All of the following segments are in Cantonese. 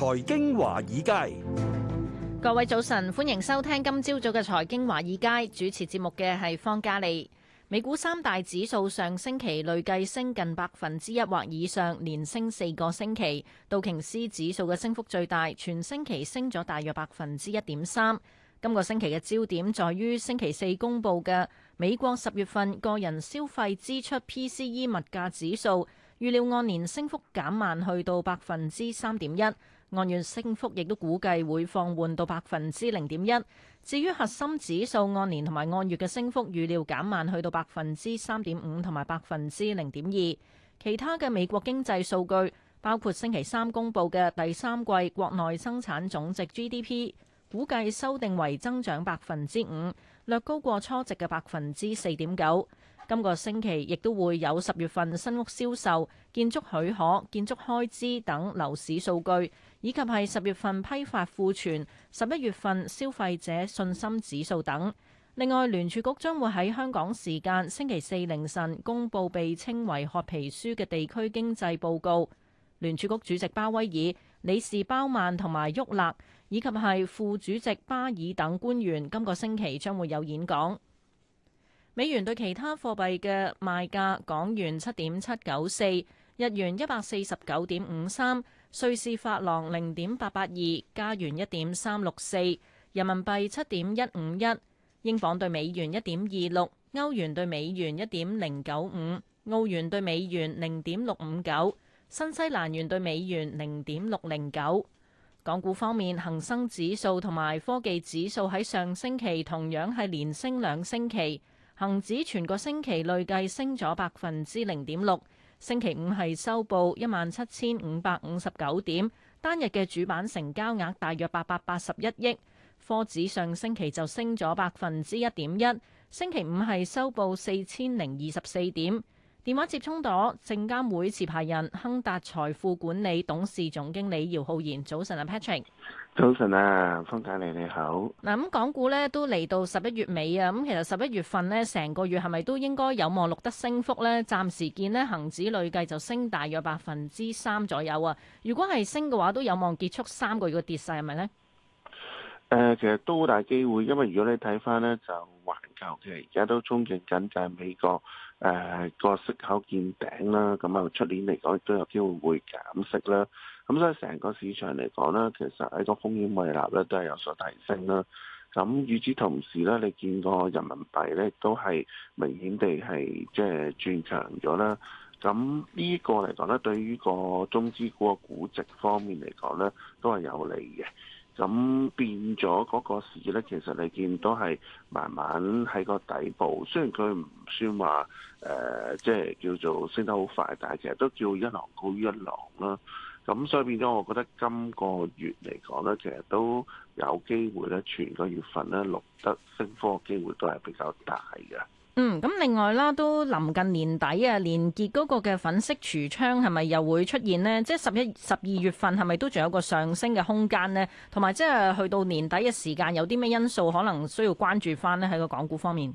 財經華爾街，各位早晨，歡迎收聽今朝早嘅財經華爾街。主持節目嘅係方嘉莉。美股三大指數上星期累計升近百分之一或以上，連升四個星期。道瓊斯指數嘅升幅最大，全星期升咗大約百分之一點三。今個星期嘅焦點在於星期四公布嘅美國十月份個人消費支出 （PCE） 物價指數，預料按年升幅減慢，去到百分之三點一。按月升幅亦都估計會放緩到百分之零點一。至於核心指數按年同埋按月嘅升幅預料減慢，去到百分之三點五同埋百分之零點二。其他嘅美國經濟數據，包括星期三公布嘅第三季國內生產總值 GDP，估計修訂為增長百分之五，略高過初值嘅百分之四點九。今個星期亦都會有十月份新屋銷售、建築許可、建築開支等樓市數據，以及係十月份批發庫存、十一月份消費者信心指數等。另外，聯儲局將會喺香港時間星期四凌晨公佈被稱為褐皮書嘅地區經濟報告。聯儲局主席鮑威爾、理事鮑曼同埋沃勒，以及係副主席巴爾等官員，今個星期將會有演講。美元對其他貨幣嘅賣價：港元七點七九四，日元一百四十九點五三，瑞士法郎零點八八二，加元一點三六四，人民幣七點一五一，英鎊對美元一點二六，歐元對美元一點零九五，澳元對美元零點六五九，新西蘭元對美元零點六零九。港股方面，恒生指數同埋科技指數喺上星期同樣係連升兩星期。恒指全個星期累計升咗百分之零點六，星期五係收報一萬七千五百五十九點，單日嘅主板成交額大約八百八十一億。科指上星期就升咗百分之一點一，星期五係收報四千零二十四點。電話接通咗，證監會持牌人亨達財富管理董事總經理姚浩然。早晨啊，Patrick，早晨啊，方嘉利，你好。嗱，咁港股咧都嚟到十一月尾啊，咁其實十一月份咧成個月係咪都應該有望錄得升幅咧？暫時見呢，恒指累計就升大約百分之三左右啊。如果係升嘅話，都有望結束三個月嘅跌勢，係咪咧？誒、呃，其實都好大機會，因為如果你睇翻咧，就環球其實而家都衝勁緊，就係美國。誒、呃、個息口見頂啦，咁啊出年嚟講亦都有機會會減息啦。咁所以成個市場嚟講咧，其實喺個風險胃納呢都係有所提升啦。咁與此同時呢，你見個人民幣呢都係明顯地係即係轉強咗啦。咁呢一個嚟講呢，對於個中資股嘅估值方面嚟講呢，都係有利嘅。咁變咗嗰個市咧，其實你見到係慢慢喺個底部，雖然佢唔算話誒，即係叫做升得好快，但係其實都叫一浪高於一浪啦。咁所以變咗，我覺得今個月嚟講咧，其實都有機會咧，全個月份咧錄得升科嘅機會都係比較大嘅。嗯，咁另外啦，都臨近年底啊，年結嗰個嘅粉飾櫥窗係咪又會出現咧？即係十一、十二月份係咪都仲有個上升嘅空間咧？同埋即係去到年底嘅時間，有啲咩因素可能需要關注翻咧？喺個港股方面，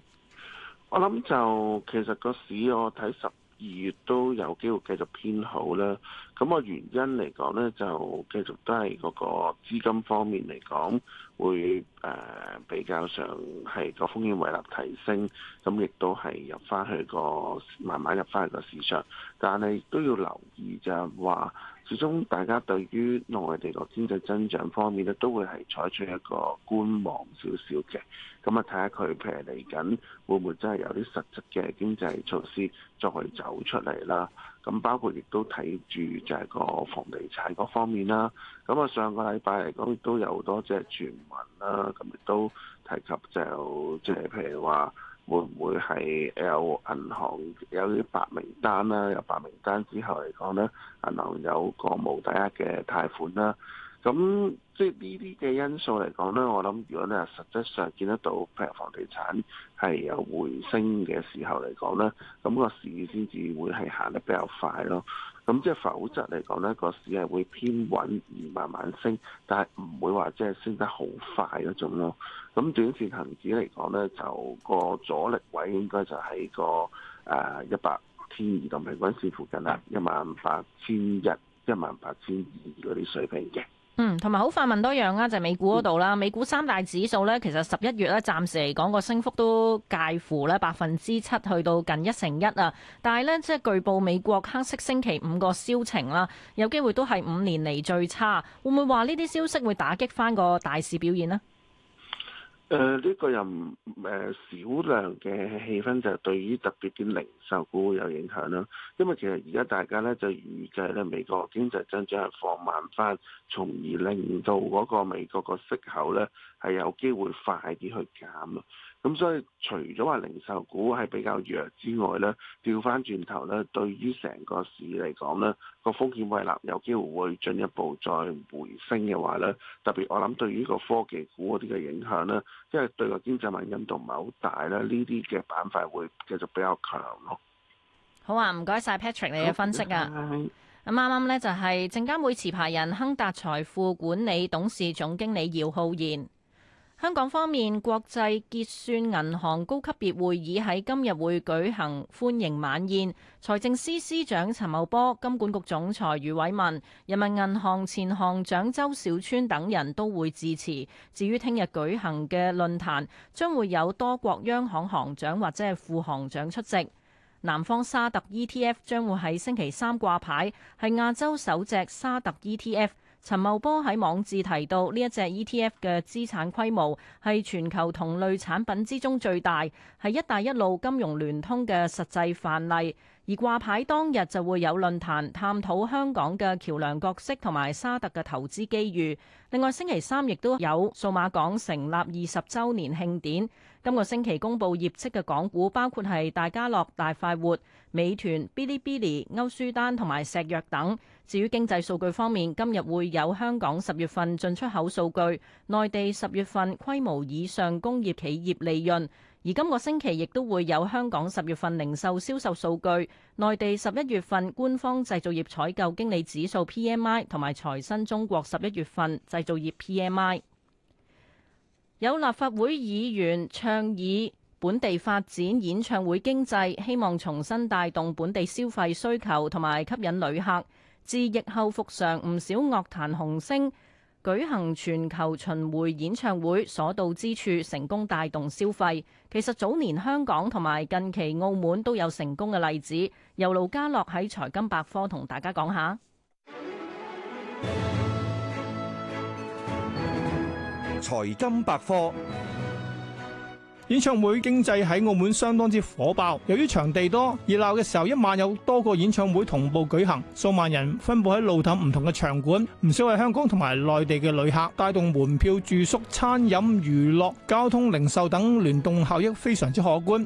我諗就其實個市我睇十二月都有機會繼續偏好咧。咁個原因嚟講呢，就繼續都係嗰個資金方面嚟講會誒、呃、比較上係個風險胃納提升，咁亦都係入翻去個慢慢入翻去個市場。但係都要留意就係話始終大家對於內地個經濟增長方面呢，都會係採取一個觀望少少嘅，咁啊睇下佢譬如嚟緊會唔會真係有啲實質嘅經濟措施再去走出嚟啦。咁包括亦都睇住就係個房地產嗰方面啦。咁啊上個禮拜嚟講亦都有多隻傳聞啦。咁亦都提及就即係譬如話會唔會係有銀行有啲白名單啦？有白名單之後嚟講呢，銀行有個無抵押嘅貸款啦。咁即係呢啲嘅因素嚟講咧，我諗如果你實質上見得到譬如房地產係有回升嘅時候嚟講咧，咁、那個市先至會係行得比較快咯。咁即係否則嚟講咧，個市係會偏穩而慢慢升，但係唔會話即係升得好快嗰種咯、啊。咁短線恒指嚟講咧，就個阻力位應該就係、那個誒一百天移動平均線附近啦，一萬八千一、一萬八千二嗰啲水平嘅。嗯，同埋好快問多一樣啦，就係、是、美股嗰度啦。嗯、美股三大指數咧，其實十一月咧暫時嚟講個升幅都介乎咧百分之七去到近一成一啊。但係咧，即係據報美國黑色星期五個銷情啦，有機會都係五年嚟最差，會唔會話呢啲消息會打擊翻個大市表現呢？誒呢、呃這個又唔誒少量嘅氣氛就對於特別啲零售股會有影響啦，因為其實而家大家咧就預計咧美國經濟增長係放慢翻，從而令到嗰個美國個息口咧係有機會快啲去減啊。咁所以除咗話零售股係比較弱之外咧，調翻轉頭咧，對於成個市嚟講咧，個風險胃納有機會會進一步再回升嘅話咧，特別我諗對於呢個科技股嗰啲嘅影響咧，因為對個經濟敏感度唔係好大咧，呢啲嘅板塊會繼續比較強咯。好啊，唔該晒 Patrick 你嘅分析啊。咁啱啱咧就係證監會持牌人亨達財富管理董事總經理姚浩然。香港方面，國際結算銀行高級別會議喺今日會舉行歡迎晚宴，財政司司長陳茂波、金管局總裁余偉文、人民銀行前行長周小川等人都會致辭，至於聽日舉行嘅論壇將會有多國央行行長或者係副行長出席。南方沙特 ETF 將會喺星期三掛牌，係亞洲首隻沙特 ETF。陳茂波喺網誌提到，呢一隻 ETF 嘅資產規模係全球同類產品之中最大，係「一帶一路」金融聯通嘅實際範例。而掛牌當日就會有論壇探討香港嘅橋梁角色同埋沙特嘅投資機遇。另外，星期三亦都有數碼港成立二十週年慶典。今個星期公布業績嘅港股包括係大家樂、大快活、美團、Bilibili、歐舒丹同埋石藥等。至於經濟數據方面，今日會有香港十月份進出口數據、內地十月份規模以上工業企業利潤，而今個星期亦都會有香港十月份零售銷售數據、內地十一月份官方製造業採購經理指數 PMI 同埋財新中國十一月份製造業 PMI。有立法會議員倡議本地發展演唱會經濟，希望重新帶動本地消費需求同埋吸引旅客。自疫後復常，唔少樂壇紅星舉行全球巡迴演唱會，所到之處成功帶動消費。其實早年香港同埋近期澳門都有成功嘅例子。由盧家樂喺財金百科同大家講下。財金百科，演唱會經濟喺澳門相當之火爆。由於場地多，熱鬧嘅時候一晚有多個演唱會同步舉行，數萬人分布喺路氹唔同嘅場館，唔少係香港同埋內地嘅旅客，帶動門票、住宿、餐飲、娛樂、交通、零售等聯動效益非常之可觀。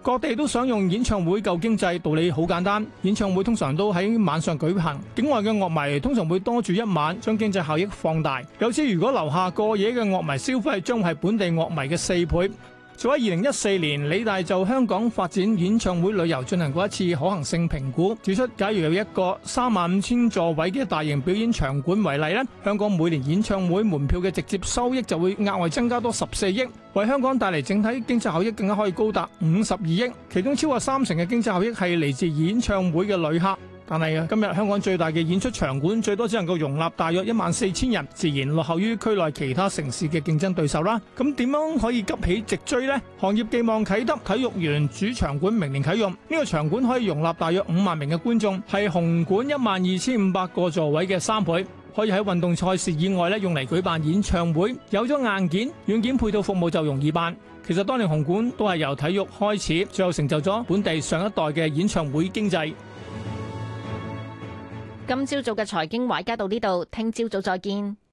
各地都想用演唱會救經濟，道理好簡單。演唱會通常都喺晚上舉行，境外嘅樂迷通常會多住一晚，將經濟效益放大。有指如果留下過夜嘅樂迷消費，將會係本地樂迷嘅四倍。就喺二零一四年，理大就香港發展演唱會旅遊進行過一次可行性評估，指出假如有一個三萬五千座位嘅大型表演場館為例呢，香港每年演唱會門票嘅直接收益就會額外增加多十四億，為香港帶嚟整體經濟效益更加可以高達五十二億，其中超過三成嘅經濟效益係嚟自演唱會嘅旅客。但係今日香港最大嘅演出場館最多只能夠容納大約一萬四千人，自然落後於區內其他城市嘅競爭對手啦。咁點樣可以急起直追呢？行業寄望啟德體育園主場館明年啟用，呢個場館可以容納大約五萬名嘅觀眾，係紅館一萬二千五百個座位嘅三倍，可以喺運動賽事以外咧用嚟舉辦演唱會。有咗硬件、軟件配套服務就容易辦。其實當年紅館都係由體育開始，最後成就咗本地上一代嘅演唱會經濟。今朝早嘅財經話家到呢度，聽朝早再見。